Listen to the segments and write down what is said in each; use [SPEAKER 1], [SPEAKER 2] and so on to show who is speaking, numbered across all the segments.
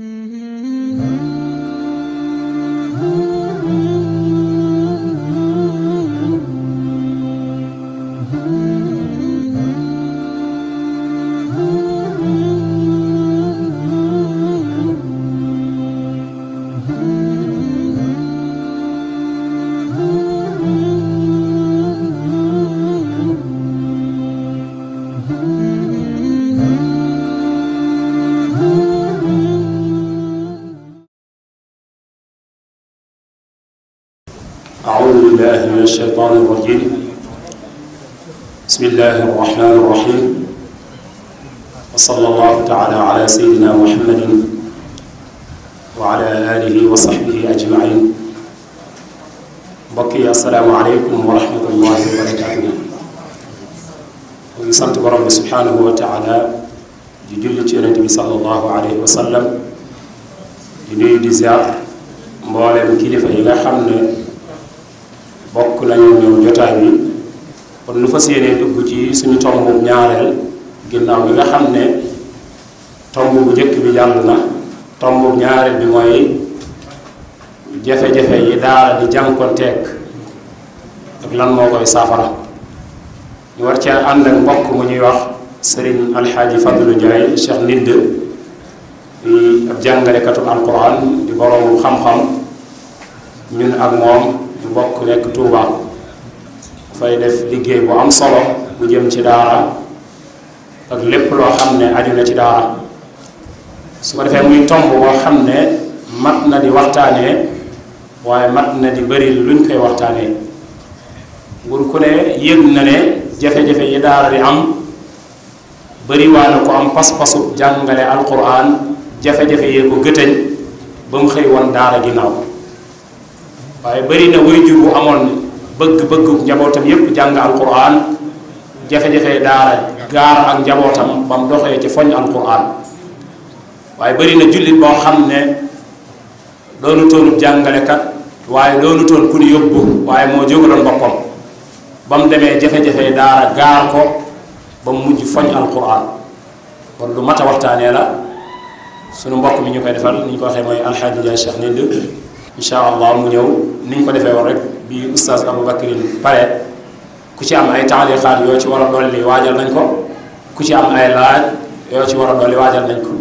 [SPEAKER 1] Mm-hmm. الله الرحمن الرحيم وصلى الله تعالى على سيدنا محمد وعلى آله وصحبه أجمعين بقي السلام عليكم ورحمة الله وبركاته ويسنت برب سبحانه وتعالى جدولة النبي صلى الله عليه وسلم جنوية زيار مبالا مكيلة فإلا حمد بقنا يوم يوم جتائي kon lu fa yéenee dugg ci suñu tomb ñaareel ginnaaw bi nga xam ne tomb bu njëkk bi jàll na tomb ñaareel bi mooy jafe-jafe yi daara di jànkonteeg ak lan moo koy saafara ñu war cee ànd ak mbokk mu ñuy wax sëriñ alxaaji Fadlu Ndiaye Cheikh Ndinde di ab jàngalekatu alquran di boroomu xam-xam ñun ak moom ñu bokk nekk Touba. dafay def liggéey bu am solo bu jëm ci daara ak lépp loo xam ne aju na ci daara su ko defee muy tomb boo xam ne mat na di waxtaanee waaye mat na di bëri luñ koy waxtaanee nguur ku ne yëg na ne jafe-jafe yi daara di am bëri waa na ko am pas-pasu jàngale alquran jafe-jafe yee ko gëtëñ ba mu xëy woon daara ginnaaw waaye bëri na wuy jur bu amoon bëgg-bëggu njabootam yépp jàng alquran jafe-jafe daara gaar ak njabootam ba mu doxee ci foñ alquran waaye bëri na jullit boo xam ne doonu toonu jàngalekat waaye doonu toon ku ni yóbbu waaye moo jógaloon boppam ba mu demee jafe-jafe daara gaar ko ba mu mujj foñ alquran kon lu mat a waxtaanee la sunu mbokk mi ñu koy defal ni ñu ko waxee mooy alxaaji Njaay Cheikh Ndindy allah mu ñëw ni ñu ko defee woon rek bii bi oustaz Aboubacrine pare ku ci am ay taaliqaat yoo ci war a dool dolli waajal nañ ko ku ci am ay laaj yoo ci war a dolli waajal nañ ko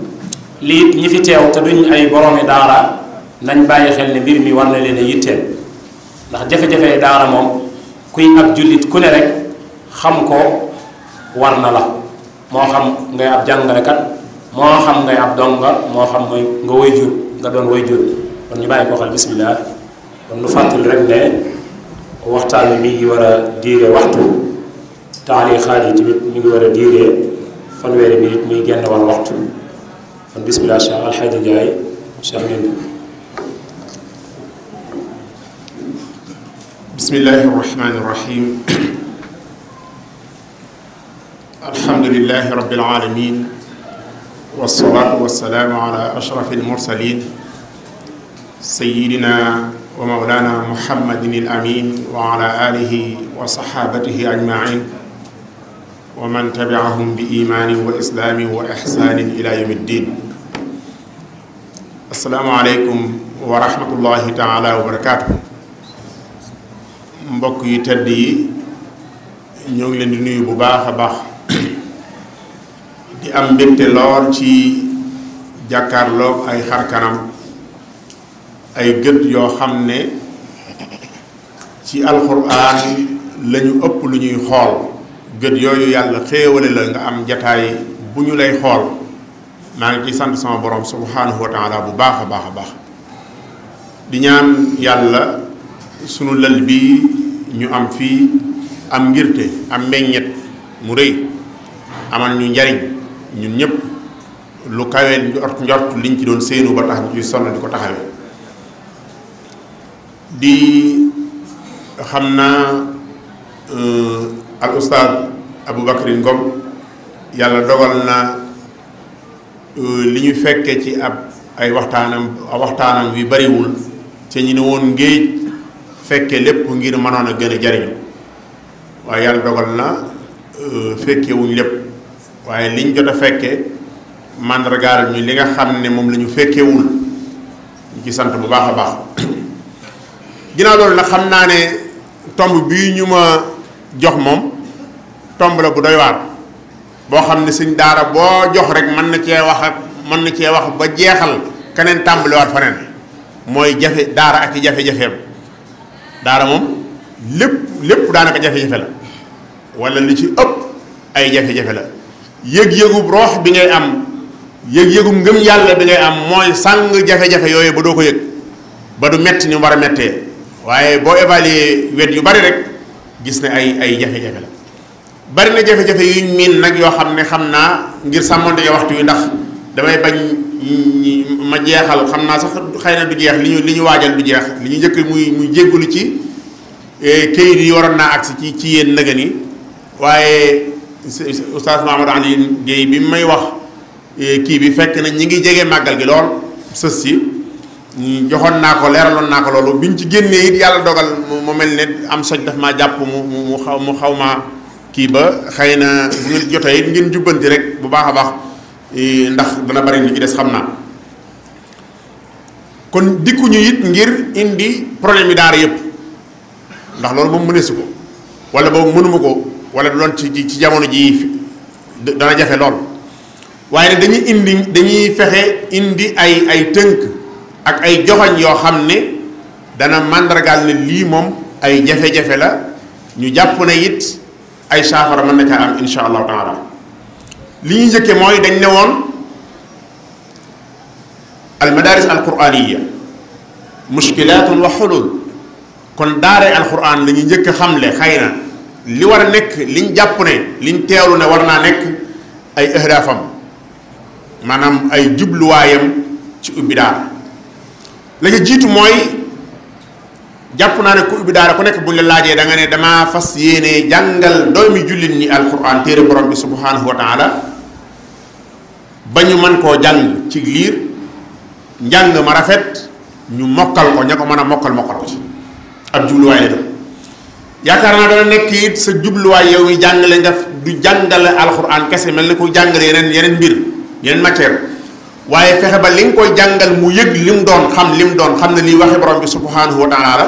[SPEAKER 1] lii ñi fi teew te duñ ay boroomi daara nañ bàyyi xel ne mbir mi war na leen a yitteel ndax jafe-jafe daara moom kuy ab jullit ku ne rek xam ko war na la moo xam ngay ab jàngalekat moo xam ngay ab donga moo xam mooy nga way jur nga doon woy jur kon ñu bàyyi ko xel bismillah kon lu fàttali rek ne waxtaan wi mi ngi war a diire waxtu taalixaat yi tamit mi ngi war a diire fanweeri minute muy genn wàll waxtu kon bismillah Cheikh Alxaaji Njaay Cheikh Ndindi
[SPEAKER 2] bismillahi arrahmani arrahim alhamdulilahi rabbil alamin wasalaatu wasalaamu ala ashraf almursalin sayidina ومولانا محمد الأمين وعلى آله وصحابته أجمعين ومن تبعهم بإيمان وإسلام وإحسان إلى يوم الدين السلام عليكم ورحمة الله تعالى وبركاته mbokk يتدي نيوم yi بباخ ngi دي di nuyu bu baax a baax di am mbégte ay gët yoo xam ne ci alxuraan lañu ëpp lu ñuy xool gët yooyu yàlla xéewale la nga am jataay bu ñu lay xool maa ngi ciy sant sama borom subhanahu wa taala bu baax a baax a baax di ñaan yàlla sunu lël bii ñu am fii am ngirte am meññet mu rëy amal ñu njariñ ñun ñëpp lu kawee njort njort liñ ci doon séenu ba tax ñu ci sonn di ko taxawee di xam naa euh, al oustaz Aboubacry Ngom yàlla dogal na euh, li ñu fekke ci ab ay waxtaanam waxtaanam wi bariwul ca ñu ne woon ngéej fekke lépp ngir mënoon a gën a jariñu waaye yàlla dogal na euh, fekkewuñ lépp waaye liñ jot a fekke mandargaal ñu li nga xam ne moom lañu fekkewul ñu ci sant bu baax a baax ginnaaw loolu nag xam naa ne tomb bii ñu ma jox moom tomb la bu doy waar boo xam ne suñ daara boo jox rek mën na cee wax ak mën na cee wax ba jeexal keneen tàmbaliwaat faneen mooy jafe daara ak i jafe-jafeem daara moom lépp lépp daanaka jafe-jafe la wala li ci ëpp ay jafe-jafe la yëg yëgu roox bi ngay am yëg-yëgub ngëm yàlla bi ngay am mooy sàng jafe-jafe yooyu ba doo ko yëg ba du metti ni mu war a mettee waaye boo évaluer wet yu bari rek gis ne ay ay jafe-jafe la bari na jafe-jafe yuñ miin nag yoo xam ne xam naa ngir sàmmonte ya ndax damay bañ ma jeexal xam naa xëy na du jeex li ñu li ñu waajal du jeex li ñu jëkk muy muy jéggalu ci e, kayit yi waroon naa agsi ci ci yéen nëgën yi waaye oustaz Mamadou Alioune Guèye bi may wax e, kii bi fekk nañ ñi ngi jege màggal gi lool sës si ñi joxon naa ko leeraloon naa ko loolu biñ ci génnee it yàlla dogal mu mel ne am soj daf maa jàpp mu mu xaw mu xaw maa kii ba xëy na bu ngeen jotee it ngeen jubbanti rek bu baax a baax ndax dana bari li ci des xam naa kon ñu it ngir indi problème yi daara yépp ndax loolu moom mëneesu ko wala boobu mënuma ko wala du doon ci ci jamono ji dana jafe lool waaye dañuy indi dañuy fexe indi ay ay tënk ak ay joxagn yo xamne dana mandragal ne li mom ay jafe-jafe la ñu jàpp ne it ay safara man naka am inshallah taala li ñu jëkke moy dañ ne won al madaris al qur'aniyya mushkilat wa hulul kon daare al qur'an li ñu jëkke xamle xëy li war nek liñ jàpp ne liñ teewlu ne war naa ay ihrafam manam ay wayam ci ubbi daara la ca jiitu mooy jàpp naa ne ku ubbi daara ku nekk buñ la laajee da nga ne dama fas yéene jàngal doomi jullit ni alquran téere borom bi subhanahu wa taala ba ñu mën koo jàng ci liir njàng ma rafet ñu mokkal ko ña ko mën a mokkal mokkal ko ci ab jubluwaay la doon yaakaar naa dana nekk it sa jubluwaay yow yi jàngale nga du jàngale alquran kese mel ni ku jàngale yeneen yeneen mbir yeneen matière waye fexe ba ling koy jàngal mu yegg lim doon xam lim doon xam na li waxe borom bi subhanahu wa taala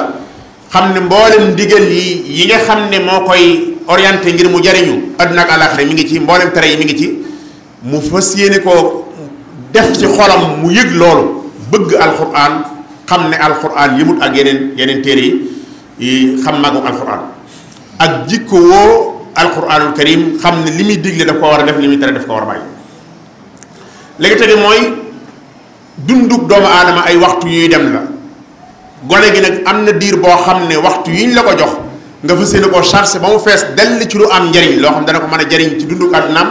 [SPEAKER 2] xam ne mboolem digel yi yi nga xam ne mo koy orienter ngir mu jariñu adduna ak alaxira mi ngi ci mboolem tere yi mi ngi ci mu fas ko def ci xolam mu yëg loolu bëgg alquran xam ne alquran yimut ak yenen yenen tere yi xam màggu alquran ak jikko woo alquranul karim xam ne limi digle da ko wara def limi tere daf ko wara a bàyyi léegi tege mooy dundug doomu aadama ay waxtu yuy dem la gone gi nag am na diir boo xam ne waxtu yiñ la ko jox nga fas yéene koo chargé ba mu fees dell ci lu am njariñ loo xam dana ko mën a jariñ ci dundug àddunaam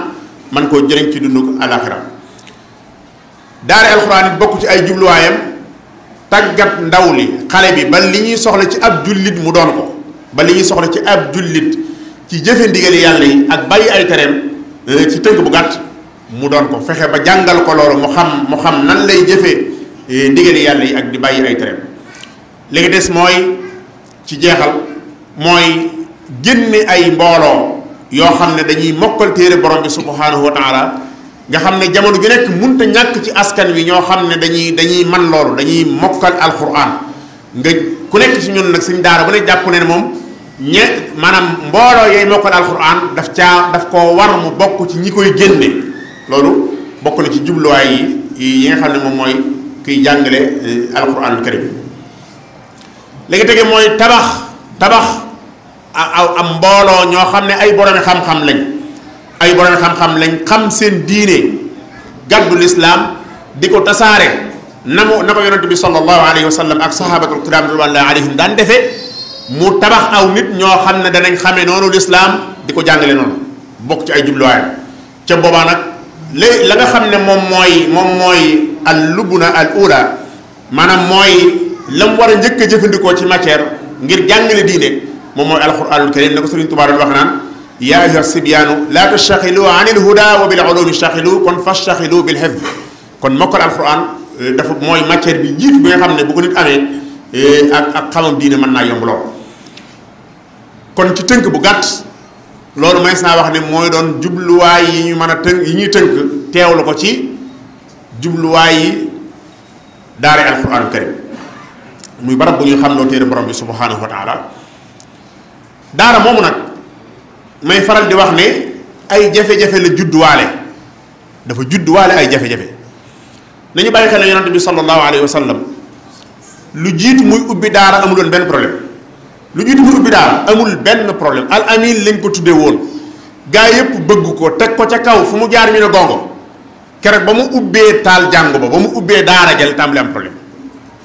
[SPEAKER 2] man koo jëriñ ci dundug alaxiram daara alxuraan it bokk ci ay jubluwaayam tàggat ndaw li xale bi ba li ñuy soxla ci ab jullit mu doon ko ba li ñuy soxla ci ab jullit ci jëfe ndigali yàlla yi ak bàyyi ay tereem ci tënk bu gàtt mu doon ko fexe ba jàngal ko loolu mu xam mu xam nan lay jëfe e, ndigali yàlla yi ak di bàyyi ay tereem léegi des mooy ci jeexal mooy génne ay mbooloo yoo xam ne dañuy mokkal téere borom bi subhanahu wa taala nga xam ne jamono ju nekk te ñàkk ci askan wi ñoo xam ne dañuy dañuy man loolu dañuy mokkal alquran nga ku nekk ci ñun nag suñ daara bu ne jàpp ne moom ñe maanaam mbooloo yooyu mokkal alquran daf caa daf ko war mu bokk ci ñi koy génne loolu bokk na ci jubluwaay yi yi nga xam ne moom mooy kuy jàngale euh, alquranul karim léegi tege mooy tabax tabax aw am mbooloo ñoo xam ne ay boromi xam-xam lañ ay boromi xam lañ xam seen diine gàddu lislaam di ko tasaare na mu na ko yonent bi sallallahu alayhi wa sallam ak sahabatul kiram ridwanullahi alayhim daan defee mu tabax aw nit ñoo xam ne danañ xamee noonu lislaam di ko jàngale noonu bokk ci ay jubluwaayam ca boobaa nag lé la nga xam ne moom mooy moom mooy al lubuna al ula maanaam mooy la mu war a njëkk a jëfandikoo ci matière ngir jàngale diine moom mooy alquranul karim na ko Sëriñ Tuubaa doon wax naan ya ayuha sibyaanu la tastaxilu an il huda wa bil ulumi staxilu kon fastaxilu bil xifd kon mokkal alquran dafa mooy matière bi jiitu bi nga xam ne bu ko nit amee ak ak xamam diine mën naa yomb lool kon ci tënk bu gàtt loolu may naa wax ne mooy doon jubluwaay yi ñu mën a tënk yi ñuy tënk teewlu ko ci jubluwaay yi daara alquran karim muy barab bu ñuy xam loo téere borom bi subhanahu wa taala daara moomu nag may faral di wax ne ay jafe-jafe la judduwaale dafa judduwaale ay jafe-jafe nañu bàyyi xel ne yonante bi sallallahu alayhi wa lu jiitu muy ubbi daara amuloon benn problème lu ñu dugg ubbi daal amul benn problème al amin lañ ko tuddee woon gaa yëpp bëgg ko teg ko ca kaw fu mu jaar ñu ne gongo keroog ba mu ubbee taal jàngu ba ba mu ubbee daara ja la tàmbali am problème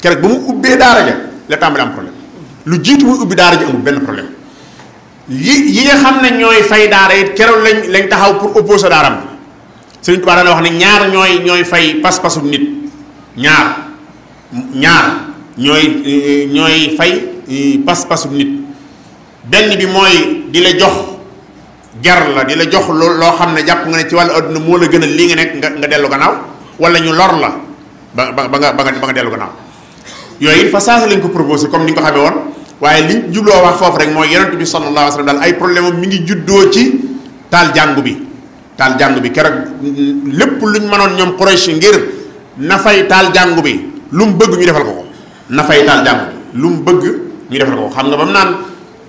[SPEAKER 2] keroog ba mu ubbee daara ja la tàmbali am problème lu jiitu muy ubbi daara ja amul benn problème yi yi nga xam ne ñooy fay daara it keroog lañ lañ taxaw pour opposer daaram bi Sëriñ Tuubaa daana wax ne ñaar ñooy ñooy fay pas-pasu nit ñaar ñaar ñooy ñooy fay pas pas nit benn bi mooy di la jox jar la di la jox loo xam ne jàpp nga ne ci wàllu àdduna moo la a lii nga nekk nga nga dellu gannaaw wala ñu lor la ba ba ba nga ba nga ba nga dellu gannaaw yooyu fa saasa lañ ko proposé comme ni nga ko xamee woon waaye liñ jubloo wax foofu rek mooy yonent bi sallallahu alayhi wa daal ay problème mi ngi juddoo ci taal jàngu bi taal jàngu bi keroog lépp luñ mënoon ñoom Quraysh ngir na fay taal jàngu bi lu mu bëgg ñu defal ko ko na fay taal jàngu bi lu mu bëgg ñu defal ko xam nga ba mu naan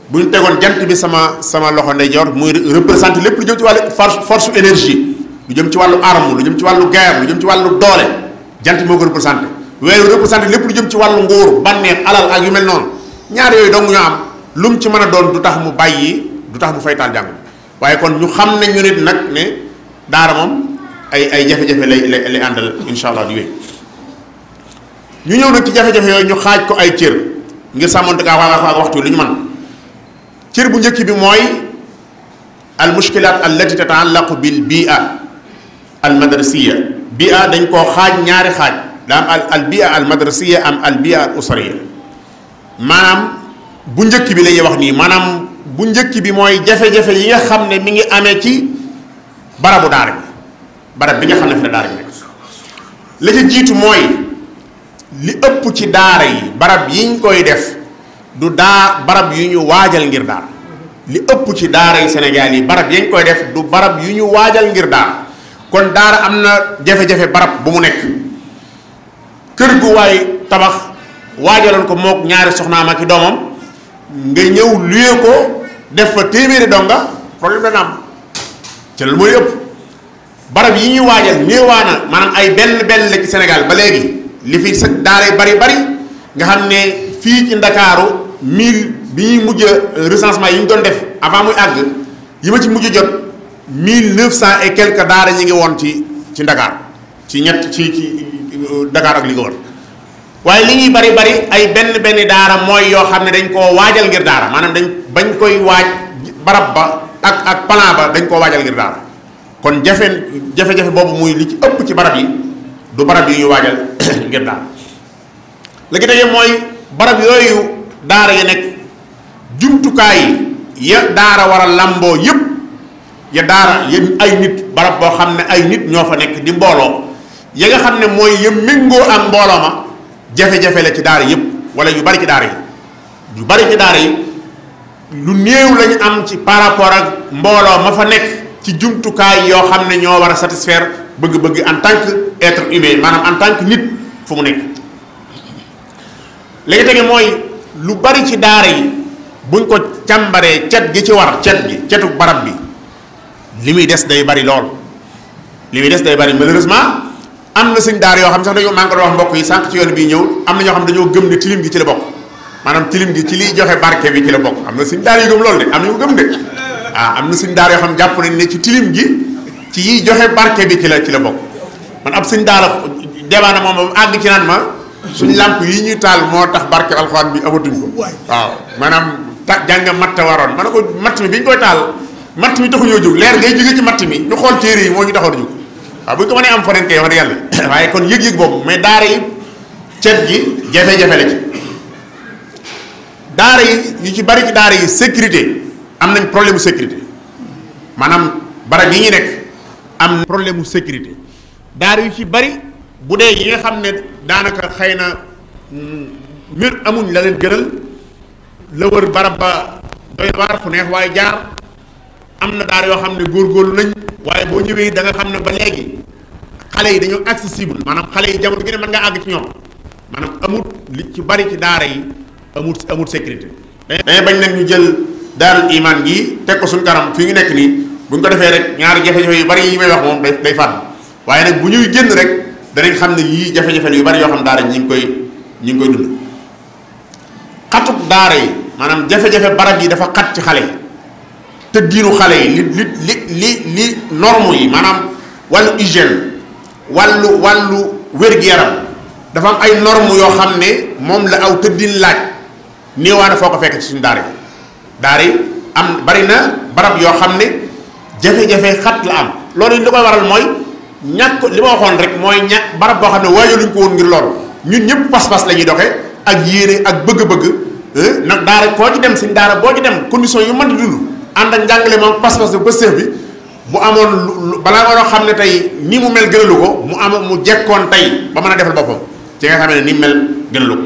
[SPEAKER 2] bu ñu tegoon jant bi sama sama loxo ndeyjoor muy représenté lépp lu jëm ci wàllu force force énergie lu jëm ci wàllu arme lu jëm ci wàllu guerre lu jëm ci wàllu doole jant moo ko représenté weer wi représenté lépp lu jëm ci wàllu nguur bànneex alal ak yu mel noonu ñaar yooyu dong ñoo am lu mu ci man a doon du tax mu bàyyi du tax mu faytaal jàng waaye kon ñu xam ne ñu nit nag ne daara moom ay ay jafe-jafe lay lay àndal incha allah di ñëw nag ci jafe-jafe yooyu ñu ko ay cër ngir sàmmonte kaa waa ak waxtu liñu man cër bu njëkk bi mooy al mushkilat allati tataallaqu bil bia al madrasiyya bia dañ ko xaj ñaari xaj da am al bia al madrasiyya am al bia al usriyya manam bu njëkk bi lay wax ni manam bu njëkk bi mooy jafe-jafe yi nga xamne mi ngi amé ci barabu daara bi barab bi nga xamne fi daara bi nek la ci jitu moy li ëpp ci daara yi barab yiñ koy def du daa barab yu ñu waajal ngir daara li ëpp ci daara yi Sénégal yi barab yañ koy def du barab yu ñu waajal ngir daal kon daara am na jafe-jafe barab bu mu nekk kër gu waay tabax waajaloon ko mook ñaari soxnaam ak i doomam nga ñëw luye ko def fa téeméeri donga problème dana am ca lu mooy ëpp barab yi ñuy waajal néewaana maanaam ay benn benn la ci Sénégal ba léegi li fi sa daara bari bari nga xam ne fii ci ndakaaru mille bi ñuy mujj recensement yi ñu doon def avant muy àgg yi ma ci mujj jot mille neuf cent et quelques daara ñi ngi woon ci ci ndakaar ci ñett ci ci ndakaar ak li woon waaye li ñuy bari bari ay benn benn daara mooy yoo xam ne dañ koo waajal ngir daara maanaam dañ bañ koy waaj barab ba ak ak plan ba dañ koo waajal ngir daara kon jafe jafe-jafe boobu muy li ci ëpp ci barab yi du barab yi ñu waajal ngir daal léegi tege mooy barab yooyu daara yi nekk jumtukaay yi ya daara war a làmboo yëpp ya daara ya ay nit barab boo xam ne ay nit ñoo fa nekk di mbooloo ya nga xam ne mooy ya méngoo ak mbooloo ma jafe-jafe la ci daara yëpp wala yu bari ci daara yi yu bari ci daara yi lu néew lañu am ci par rapport ak mbooloo ma fa nekk ci jumtukaay yoo xam ne ñoo war a satisfaire bëgg-bëgg en tant que être humain maanaam en tant que nit fu mu nekk li nga mooy lu bari ci daara yi buñ ko càmbaree cet gi ci war gi cetu barab bi li muy des day bari lool li muy des day bari malheureusement am na sëñ daara yoo xam sax dañoo maa ngi ko doon mbokk yi sànq ci yoon bii ñëw am na ñoo xam dañoo gëm ne tilim gi ci la bokk maanaam tilim gi ci liy joxe barke bi ci la bokk am na sëñ daara yu gëm loolu de am na ñu gëm de ah am na sëñ daara yoo xam jàpp nañ ne ci tilim gi ci yi joxe barke bi ci la ci la bokk man ab sëñ daara debaana moom àgg ci naan ma suñ làmp yi ñuy taal moo tax barke alxuraan bi amatuñ ko waaw maanaam ta jàng matt waroon ma ne ko matt mi bi ñu koy taal matt mi taxuñoo jóg leer ngay jóge ci matt mi ñu xool téere yi moo ñu taxoon jóg waaw bu ñu ko mënee am faneen kay wax dëgg yàlla waaye kon yëg-yëg boobu mais daara yi ceeb gi jafe-jafe la ci daara yi ñu ci bari ci daara yi sécurité am nañ problème sécurité maanaam barab yi ñu nekk am na problème mu sécurité daara yu ci bari bu dee yi nga xam ne daanaka xëy na mm, mbir amuñ laleen leen gënal la barab ba doy waar fu neex waaye jaar am na daara yoo xam ne góor góorgóorlu nañ waaye boo ñëwee da xam ne ba léegi xale yi dañoo accessible maanaam xale yi jamono gi ne mën nga àgg ci ñoom maanaam amul li ci bari ci daara yi amul amul sécurité. dañuy bañ nag ñu jël daarul imaan gi teg ko suñu garam fi ñu nekk nii. ñu ko defee rek ñaari jafe-jafe yu bari yi may wax moom day day fàdd waaye nag bu ñuy génn rek danañ xam ne yii jafe-jafe yu bari yoo xam daara ñi ngi koy ñi ngi koy dund xatuk daara yi maanaam jafe-jafe barab yi dafa xat ci xale yi te diinu xale yi li li li li li norme yi maanaam wàllu hygiène wàllu wàllu wér-gu-yaram dafa am ay norme yoo xam ne moom la aw tëddin laaj néewaa na foo ko fekk ci suñu daara yi daara yi am bari na barab yoo xam ne jafe-jafe xat la am loolu li koy waral mooy ñàkk li ma waxoon rek mooy ñàkk barab boo xam ne waaye luñ ko woon ngir lool ñun ñëpp pas-pas la ñuy doxee ak yéene ak bëgg-bëgg eh, nag daara koo ci dem suñ daara boo ci dem condition yu man di dund ànd ak njàngale moom pas-pas bi ba seef bi bu amoon balaa nga doon xam ne tey ni mu mel gënalu ko mu amoon mu jekkoon tey ba mën a defal boppam ci nga xam ne ni mu mel gënalu ko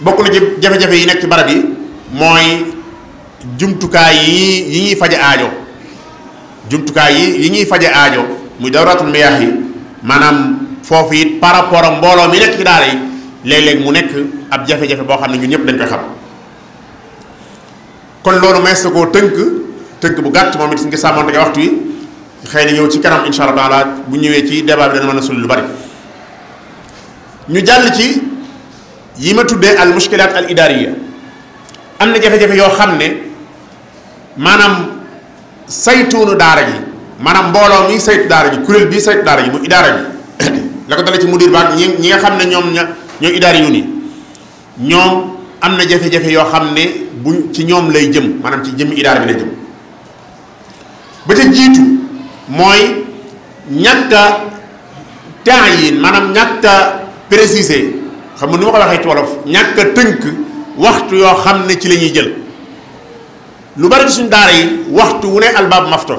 [SPEAKER 2] bokk na ci jafe-jafe yi nekk ci bara yi mooy jumtukaay yi yi ñuy faje aajo jumtukaay yi yi ñuy faje aajo muy dawratul miyaax yi maanaam foofu it par rapport ak mbooloo mi nekk ci daara yi léeg-léeg mu nekk ab jafe-jafe boo xam ne ñun ñëpp dañ koy xam kon loolu may sa koo tënk tënk bu gàtt moom it nga sàmmante nga waxtu yi xëy na ñëw ci kanam insha allah taala bu ñëwee ci débat bi dana mën a sul lu bari ñu jàll ci yi ma tuddee al mushkilaat al idaariya am na jafe-jafe yoo xam ne maanaam saytuunu daara ji maanaam mbooloo mi saytu daara ji kuréel bii saytu daara ji mu idaara ji la ko dale ci mudir ba ñi ñi nga xam ne ñoom ña ñoo idaara yu ni ñoom am na jafe-jafe yoo xam ne bu ci ñoom lay jëm maanaam ci jëmmi idaara bi lay jëm ba ca jiitu mooy ñàkk a taayin maanaam ñàkk a xam nga nu ma ko waxee ci wolof ñàkk tënk waxtu yoo xam ne ci la ñuy jël lu bari suñ daara yi waxtu wu ne albaab mafto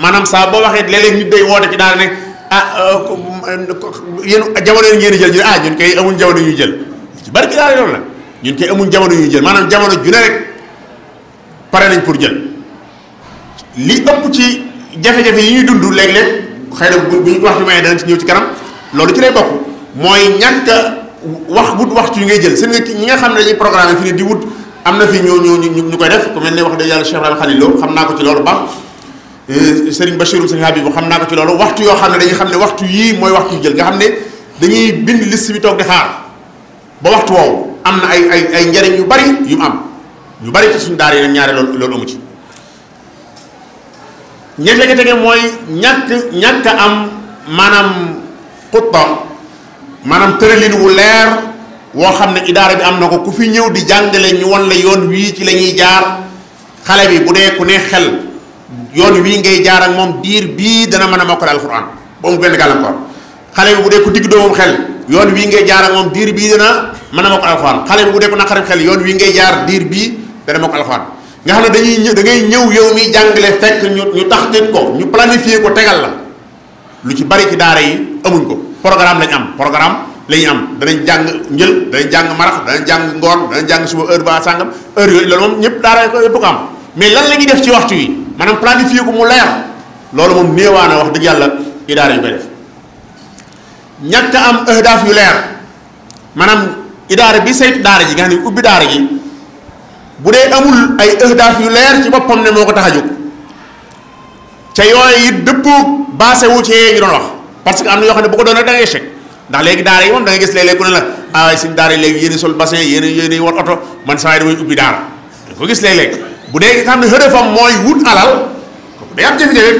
[SPEAKER 2] maanaam saa boo waxee léeg-léeg nit day woote ci daara ne ah euh, yeen jamono yi ngeen jël ñu ah ñun kay amuñ jamono ñu jël ci bari ci daara loolu la ñun kay amuñ jamono ñu jël manam jamono ju ne rek paré nañ pour jël li ëpp ci jafé jafé yi ñuy dund léeg-léeg xëy bu ñu ci may dañ ci ñew ci karam loolu ci lay bokk moy ñàkk wax wut waxtu yu ngay jël seen ñi nga xam ñi programme fi ne di wut amna fi ñoo ñoo ñu koy def ku melni wax de yàlla Cheikh al Khalil Lo xamna ko ci loolu baax Serigne bashirou Serigne habibu xamna ko ci lolu waxtu yo xamne dañuy xamne waxtu yi moy waxtu jël nga xamne dañuy bind liste bi tok de xaar ba waxtu woowu amna ay ay ay njariñ yu bari yu am yu bari ci suñu daari yi ñaare lolu lolu mu ci ñette gi tege moy ñak ñak am manam xutta manam tëralin wu leer woo xam ne idaara bi am na ko ku fi ñëw di jàngale ñu won la yoon wii ci la ñuy jaar xale bi bu dee ku ne xel yoon wii ngay jaar ak moom diir bii dana mën a mokkal alxuraan ba mu benn gàllankoor xale bi bu dee ku digg doomam xel yoon wii ngay jaar ak moom diir bii dana mën a mokkal alxuraan xale bi bu dee ku yoon wii ngay jaar diir bii dana mokkal alxuraan nga xam ne dañuy ñëw da ngay ñëw yow miy jàngale fekk ñu ñu taxtit ko ñu planifier ko tegal la lu ci bari ci daara yi amuñ ko programme lañu am programme la am danañ jàng njël danañ jàng marax danañ jàng ngoon danañ jàng suba heure ba sàngam heure yooyu loolu moom ñëpp daara ko yëpp ko am mais lan la ñuy def ci waxtu yi maanaam planifié ko mu leer loolu moom néewaana wax dëgg yàlla i daara yu koy def ñàkk am ahdaaf yu leer maanaam idaara bi saytu daara ji nga xam ne ubbi daara ji bu dee amul ay ahdaaf yu leer ci boppam ne moo ko tax a jóg ca yooyu it dëppoo baase wu ci yee ñu doon wax parce que am na yoo xam ne bu doon rek da ngay ndax léegi daara yi moom da gis léeg-léeg ku ne la ah suñ daara yi léegi yéen sol bassin yéen yéen war oto man saa yi damay ubbi daara da ko gis léeg-léeg bu dee nga xam ne xërëfam mooy wut alal kooku am jafe-jafe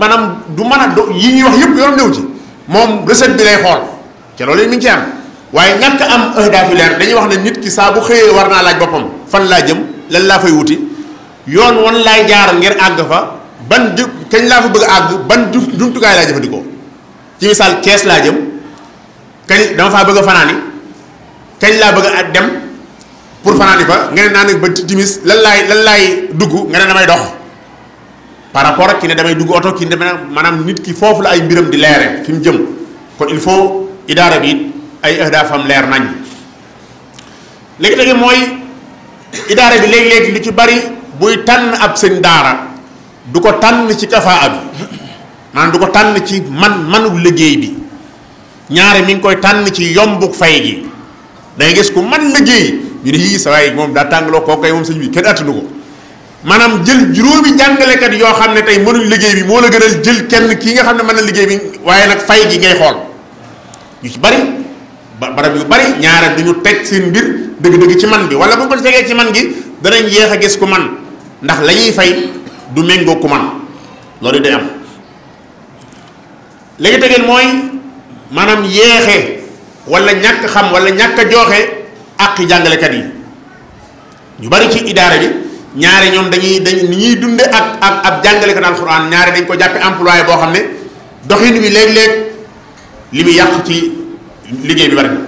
[SPEAKER 2] maanaam du mën a do yi ñuy wax yëpp yoonam néew ci moom recette bi lay xool ca loolu mi ngi ci am waaye ñàkk am ahdaaf yu leer dañuy wax ne nit ki saa xëyee war naa laaj boppam fan laa jëm lan laa fay wuti yoon wan laay jaar ngir àgg fa ban ju kañ laa fa bëgg a àgg ban jumtukaay laa jëfandikoo ci misaal kees laa jëm kañ dama faa bëgg a fanaani kañ laa bëgg a dem pour fanaani fa nga ne naa ne ba timis lan laay lan laay dugg nga ne damay dox par rapport ak ki ne damay dugg oto ki ne maanaam nit ki foofu la ay mbiram di leere fi mu jëm kon il faut idaara bi it ay ahdaafam leer nañ léegi léegi mooy idaara bi léegi-léegi lu ci bari buy tànn ab seen daara du ko tànn ci kafaa ab maanaam du ko tànn ci man manu liggéey bi ñaare mi ngi koy tànn ci yombuk fay gi day gis ku man liggéey ñu ne yii sa waaye moom daa tàngaloo kooku kay moom sëñ bi kenn attanu ko maanaam jël juróomi jàngalekat yoo xam ne tey mënuñ liggéey bi moo la gënal jël kenn kii nga xam ne mën na liggéey bi waaye nag fay gi ngay xool yu ci bari barab yu bari ñaare duñu teg seen mbir dëgg-dëgg ci man bi wala bu ko tegee ci man gi danañ yeex a gis ku man ndax lañuy fay du méngoo ku man loolu day am maanaam yeexee wala ñàkk xam wala ñàkk a jooxe àqi jàngalekat yi yu bari ci idaara bi ñaare ñoom dañuy dañ ni ñuy dunde ak ak ab jàngalekat alxuraan ñaare dañ ko jàppe employé boo xam ne doxin wi léeg-léeg li muy yàq ci liggéey bi bari na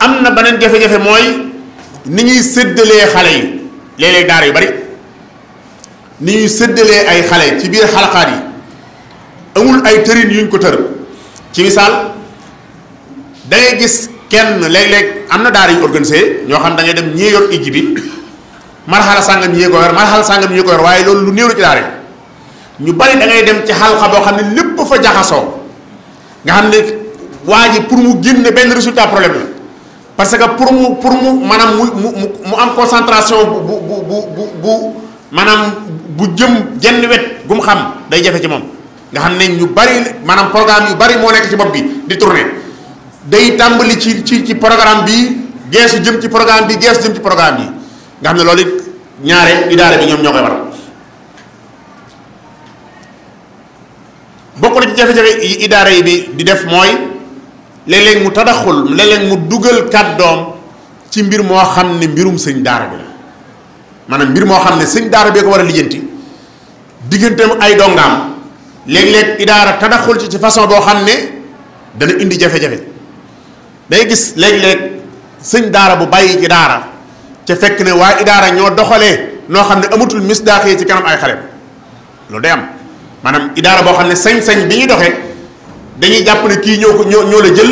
[SPEAKER 2] am na beneen jafe-jafe mooy ni ñuy séddalee xale yi léeg-léeg daara yu bari ni ñu séddalee ay xale ci biir xalaqaat yi amul ay tërin yuñ ko tër ci misaal da gis kenn léeg-léeg am na daar yu organisé ñoo xam da ngay dem ñee yor ijji bi marxala sàngam ñee ko yor marxala sàngam ñee ko waaye loolu lu néew ci daara yi ñu bari da dem ci xalqa boo xam ne lépp fa jaxasoo nga xam ne waa pour mu génne benn résultat problème la parce que pour mu pour mu maanaam mu mu mu am concentration bu bu bu bu bu maanaam bu jëm jenn wet gu mu xam day jafe ci moom nga xam ne ñu bari maanaam programme yu bari moo nekk ci bopp bi di tourner day tàmbali ci ci ci programme bi geesu jëm ci programme bi geesu jëm ci programme bi nga xam ne loolu it ñaare idaara bi ñoom ñoo koy war bokk na ci jafe-jafe yi idaara yi bi di def mooy léeg mu taraxul leleen mu dugal kàddoom ci mbir moo xam ne mbirum sëñ daara bi la maanaam mbir moo xam ne sëñ daara bee ko war a lijjanti digganteem ay dongaam léeg-léeg idaara tadaxul ci façon boo xam ne dana indi jafe-jafe day gis léeg-léeg sëñ daara bu bàyyi ci daara ca fekk ne waa idaara ñoo doxalee noo xam ne amatul misdaaxee ci kanam ay xale loolu day am maanaam idaara boo xam ne sañ-sañ bi ñuy doxee dañuy jàpp ne kii ñoo ko ñoo ñoo la jël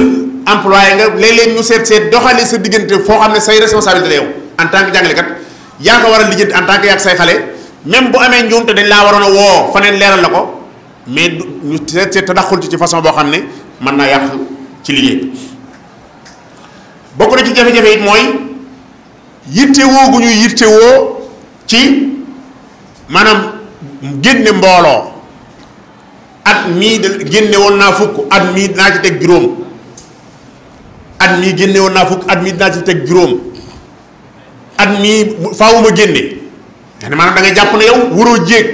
[SPEAKER 2] employé nga léeg-léeg ñu seet seet doxalee sa diggante foo xam ne say responsabilité la yow en tant que jàngalekat yaa ko war a lijjanti en tant que yaa say xale même bu amee njuumte dañ laa waroon a woo faneen leeral na ko mais du ñu seet seet tadaxul ci ci façon boo xam ne man naa yàq ci liggéey bokk na ci jafe-jafe it mooy yittewoo gu ñuy yittewoo ci maanaam génne mbooloo at mii de génne woon naa fukk at mii dinaa ci teg juróom at mii génne woon naa fukk at mii dinaa ci teg juróom at mii faawu ma génne ne maanaam da nga jàpp ne yow waroo jéeg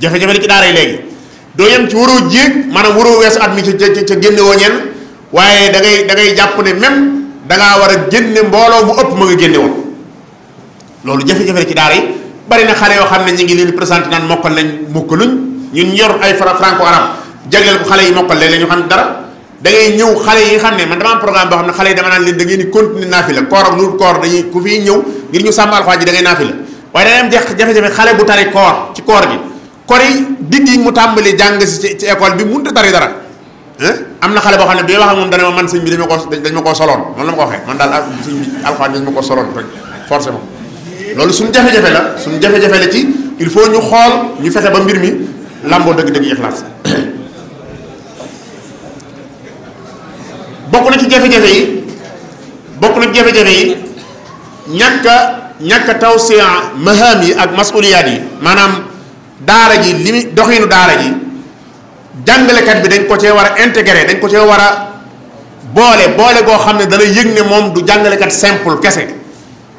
[SPEAKER 2] jafe-jafe la ci daara yi léegi doo yem ci waroo jéeg maanaam waroo weesu at mi ca ca ca génne woo ñenn da ngay da ngay ne même da war a génne mbooloo mu ëpp ma loolu jafe-jafe la ci daara yi bari na xale yoo xam ne ñu ngi leen présenté naan mokkal nañ mokkaluñ ñun yor ay fra franco arabe jagleel ko xale yi mokkal léeg-léeg ñu xam dara. da ngay ñëw xale yi xam ne man dama am programme boo xam ne xale yi dama naan leen da ngeen di continuer naafila koor ak lu koor dañuy ku fi ñëw ngir ñu sàmm alxuraan ji da ngay xale bu tari koor ci koor gi koor yi digg yi mu tàmbali jàng si ci école bi mënut a tari dara am na xale boo xam ne bi wax ak moom dana ma man sëñ bi dañ ma ko dañ ma soloon man la ma ko waxee man daal ah, sëñ bi alxuraan dañ ma ko soloon rek forcément loolu suñu jafe-jafe la suñ jafe-jafe la ci il faut ñu xool ñu fexe ba mbir mi lamboo dëgg-dëgg ixlaas bokk na ci jafe-jafe yi bokk na ci jafe-jafe yi ñàkk a ñàkk taw si maham yi ak masuliyaat yi maanaam daara ji li doxinu daara ji jàngalekat bi dañ ko cee war a intégré dañ ko ci war a boole boole goo xam ne dana yëg ne moom du jàngalekat simple kese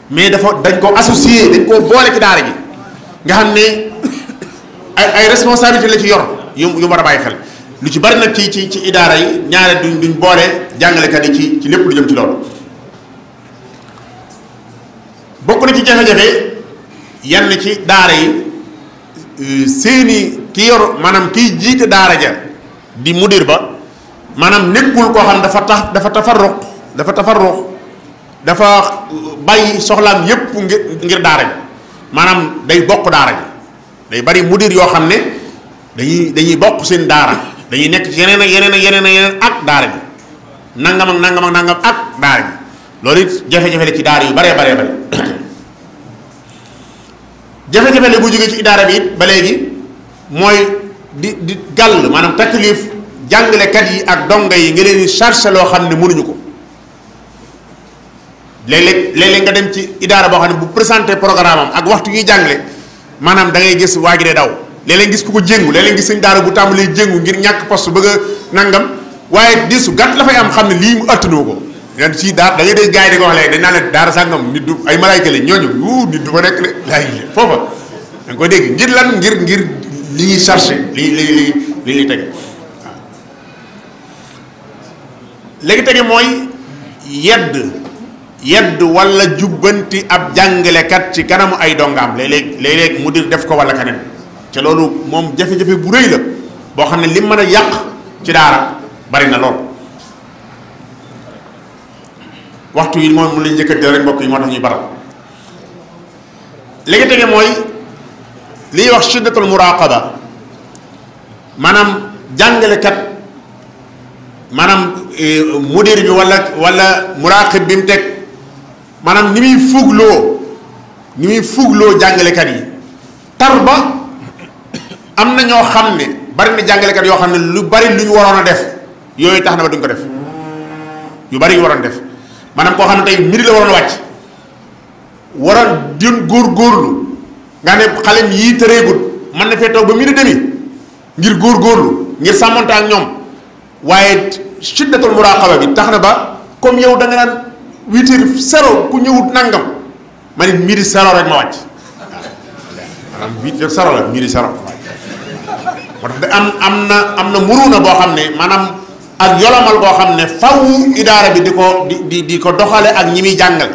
[SPEAKER 2] mais dafa dañ ko associé dañ koo boole ci daara ji nga xam ne ay ay responsabilité la ci yor yu yu war a bàyyi xel. lu ci bari nag ci ci ci idaara yi ñaare duñ duñ boole jàngalekat yi ci lépp lu jëm ci loolu bokk na ci jafe-jafe yenn ci daara yi euh, seeni ki yor maanaam kiy jiite daara ja di mudir ba maanaam nekkul koo xam dafa tax dafa tafar tafarruq dafa tafarruq dafa euh, bàyyi soxlaam yépp ngir ngir daara ja maanaam day bokk daara ja day bari mudir yoo xam ne dañuy dañuy bokk seen daara dañuy nekk ci yeneen ak yeneen ak yeneen ak yeneen ak daara bi nangam ak nangam ak nangam ak daara bi loolu it jafe-jafe la ci daara yu baree baree bare jafe-jafe la bu jógee ci daara bi it ba léegi mooy di di gàll maanaam taklif jàngalekat yi ak donga yi nga leen di loo xam ne mënuñu ko léeg-léeg léeg-léeg nga dem ci idaara boo xam ne bu présenté programme am ak waxtu ñuy jàngale maanaam da ngay gis waa ji daw leleng gis kuko jengu leleng gis sëñ daara bu tàmbalee jengu ngir ñak poste bëgg nangam waye disu gat la fay am xamni li mu ëttanoo noko len ci daar da ngay day gaay di ko wax léegi dañ na ne daara sangam nit du ay malaika lañ ñooñu wu nit du ba rek de laay fofa da nga ko dégg ngir lan ngir ngir li ñi chargé li li li li ñuy tege waaw léegi tege mooy yedd yedd wala jubanti ab kat ci kanamu ay dongam leleg leleg mudir def ko wala kanen ca loolu moom jafe-jafe bu rëy la boo xam ne li mën a yàq ci daara bari na lool waxtu yi moom mu lañ njëkk a rek mbokk yi moo tax ñuy baral léegi tege mooy li ñuy wax shiddatul muraqaba maanaam jàngalekat maanaam e, mudir bi wala walla muraqib bi mu teg maanaam ni muy fugloo ni muy fugloo jàngalekat yi tar ba am na ñoo xam ne bari na jàngalekat yoo xam ne lu bari lu ñu waroon a def yooyu tax na ba duñ ko def yu bari yu waroon def maanaam koo xam ne tey midi la waroon wàcc waroon din góorgóorlu nga ne xalem yii tëreegut man na fee toog ba midi demi ngir góorgóorlu ngir sàmmante ak ñoom waaye shiddatul muraqaba bi tax na ba comme yow da nga naan huit heures ku ñëwut nangam ma ne midi zéro rek ma wàcc waaw maanaam huit heures la moo tax da am am na am na muruna boo xam ne maanaam ak yolomal boo xam ne faw idaara bi di ko di di di ko doxale ak ñi muy jàngal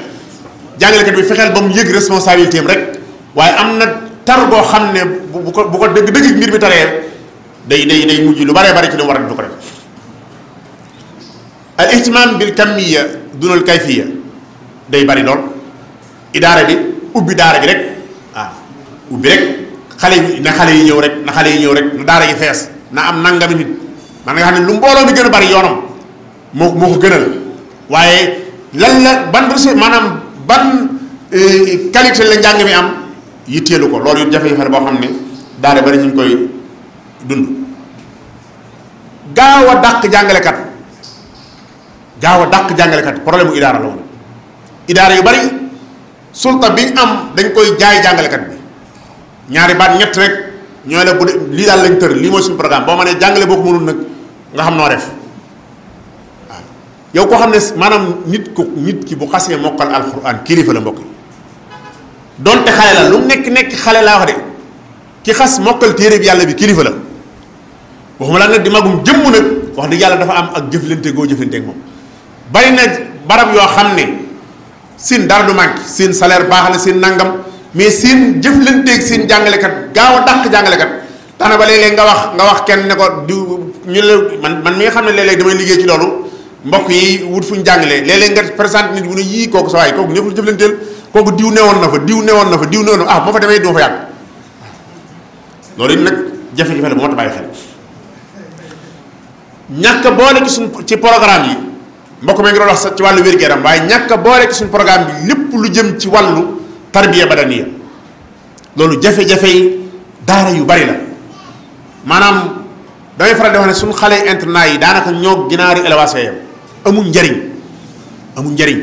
[SPEAKER 2] jàngalekat bi fexeel ba mu yëg responsabilité rek waaye am na tar boo xam ne bu ko bu ko dëgg dëgg mbir mi taree day day day lu baree bari ci lu war a du ko def al ihtimam bil kamiya dunal kayfiya day bari lool idaara bi ubbi daara bi rek ah, ubbi rek xale yi na xale yi ñëw rek na xale yi ñëw rek na daara yi fees na am nangami nit man nga xam ne lu mbooloo mi gën a bari yoonam moo moo ko gënal waaye lan la ban recherche maanaam ban e, qualité la njàng mi am yitteelu ko loolu yu jafe-jafe boo xam ne daara bari ñu ngi koy dund gaaw dàq jàngalekat gaaw a dàq jàngalekat problème bu idaara la idaara yu bari sulta bi am dañ koy jaay jàngalekat bi ñaari baat ñett rek ñooy la bu dee lii daal lañ tër lii mooy suñu programme boo ma nee jàngale boo ko mënul nag nga xam noo def waaw yow koo xam ne maanaam nit ko nit ki bu xasee mokkal alxuraan kilifa la mbokk donte xale la lu nekk nekk xale laa wax de ki xas mokkal téere yàlla bi kilifa la waxuma la ne di magum jëmm nag wax dëgg yàlla dafa am ak jëflante goo jëflante ak moom bari na barab yoo xam ne seen dara du manqué seen salaire baax na seen nangam. mais seen jëflanteeg seen jàngalekat gaaw a dàq jàngalekat tana ba léeg-léeg nga wax nga wax kenn ne ko du ñu leen man man mi nga xam ne léeg-léeg damay liggéey ci loolu mbokk yi wut fu ñu jàngalee léeg-léeg nga présenté nit bu ne yii kooku sa waay kooku ñëpp la jëflanteel kooku diw newoon na fa diw newoon na fa diw newoon na fa ah bu ma fa demee du ma fa yàgg loolu it nag jafe-jafe la bu ma ta bàyyi xel ñàkk boole ci suñ yi mbokk mi ngi doon wax ci wàllu wér-gu-yaram ñàkk boole ci suñ bi lépp lu jëm ci wàllu tarbiya badaniya loolu jafe-jafe yi daara yu bari la maanaam damay faral di wax ne suñu xale internat yi daanaka ñoo ginaari élevage yam amul njariñ amul njariñ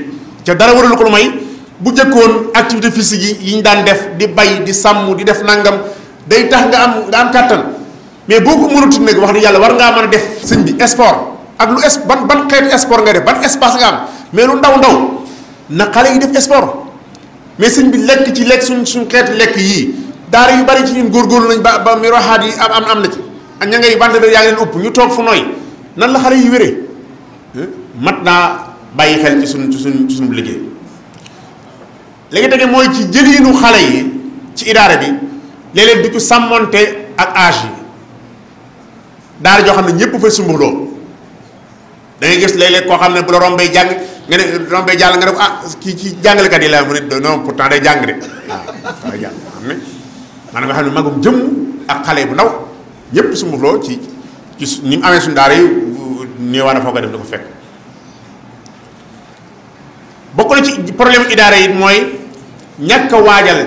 [SPEAKER 2] ca dara waralu ko lu may bu jëkkoon activité physique yi yi ñu daan def di bay di sàmm di def nangam day tax nga am nga am kàttan mais boo ko mënut nag wax dëgg yàlla war ngaa mën a def sëñ bi sport ak lu es ban ban xeetu sport ngay def ban espace nga am mais lu ndaw ndaw na xale yi def mais sëñ bi lekk ci lekk suñ suñ xeeti lekk yii daar yu bari ci ñun góorgóorlu nañ ba ba miroxaat yi am am na ci ak ña ngay bande yaa leen upp ñu toog fu nooy nan la xale yi wéree mat naa bàyyi xel ci suñ ci suñ suñu liggéey léegi tege mooy ci jëliinu xale yi ci idaara bi léeg-léeg di ko ak âge yi daara joo xam ne ñëpp fay sumbaloo da gis léeg-léeg koo xam ne bu la rombee jàng nga ne rombee jàll nga ne ko ah kii ci jàngalekat yi laa mu ne non pourtant day jàng de waaw ah, day jàng xam ne maanaam nga xam ne jëmm ak xale bu ndaw ñëpp sumufloo ci ci ni mu amee suñu daar yi néewaa na foo ko dem di ko fekk bokk na ci problème idaara yi mooy ñàkk a waajal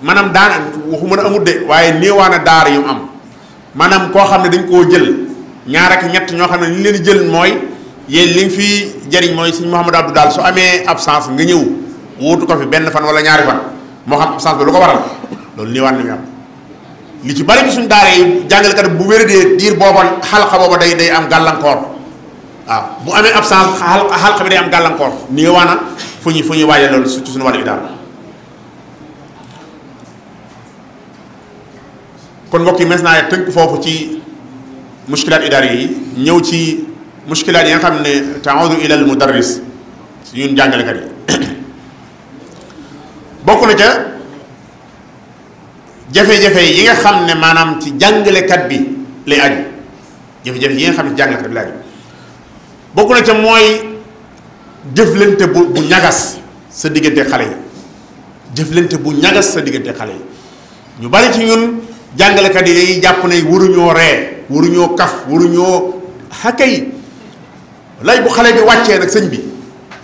[SPEAKER 2] maanaam daan waxuma na amut de waaye néewaa na daara yu am maanaam koo xam ne dañ koo jël ñaar ak ñett ñoo xam ne li leen jël mooy yéen li nga fi jëriñ mooy sëñ Mouhamadou Abdou daal su amee absence nga ñëw wóotu ko fi benn fan wala ñaari fan moo xam absence bi lu ko waral loolu nii war na am li ci bari bi suñu daara yi jàngalekat bu wéradee diir booba xalqa booba day day am gàllankoor waaw bu amee absence xalqa bi day am gàllankoor ni nga waana fu ñu fu ñuy waaye loolu ci suñu wàll bi daal kon mbokk mes naa tënk foofu ci muskilaat idaari yi ñëw ci muskilaat yi nga xam ne taawudu ilal mudarris si ñun jàngalekat yi bokk na ca jafe-jafe yi nga xam ne maanaam ci jàngalekat bi lay aju jafe-jafe yi nga xam ne ci jàngalekat bi lay aju bokk na ca mooy jëflante bu ñagas sa diggante xale yi jëflante bu ñagas sa diggante xale yi ñu bari ci ñun jàngalekat yi dañuy jàpp na waruñoo ree waruñoo kaf waruñoo xakay lay bu xale bi wàccee nag sëñ bi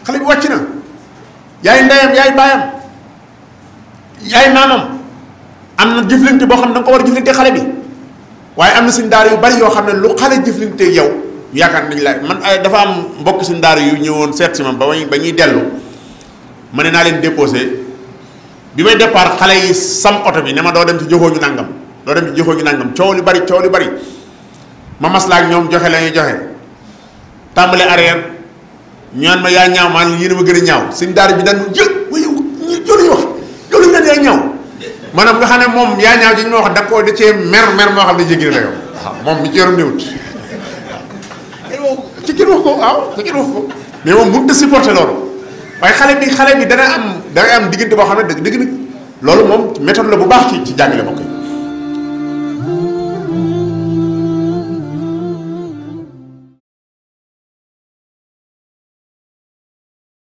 [SPEAKER 2] xale bi wàcc na yaay ndeyam yaay baayam yaay maamam am na jëflante boo xam ne da nga ko war a xale bi waaye am na suñ daara yu bari yoo xam ne lu xale jëflante yow yaakaar nañ la man ay dafa am mbokk suñ daara yu ñëwoon seet si ma ba ba ñuy dellu ma ne naa leen déposé bi may départ xale yi sam oto bi ne ma doo dem ci joxoo ñu nangam doo dem ci joxoo ñu nangam coow li bari coow li bari ma maslaa ak ñoom joxe la joxe. tàmbale arrière ñaan ma yaa ñaaw maa yéen a ma gën a ñaaw suñ daara bi daan jël waaye joluñu wax joluñu daan yaa ñaaw maanaam nga xam ne moom yaa ñaaw ji ñu ma wax da oo da cee mer mer moo xam ne jéggi na yow waaw moom mi ci yorom néewut ko waaw ci ko mais moom mënut a supporter loolu waaye xale bi xale bi dana am dana am diggante boo xam ne dëgg dëgg nag loolu
[SPEAKER 1] moom méthode la bu baax ci ci jàngale mbokk yi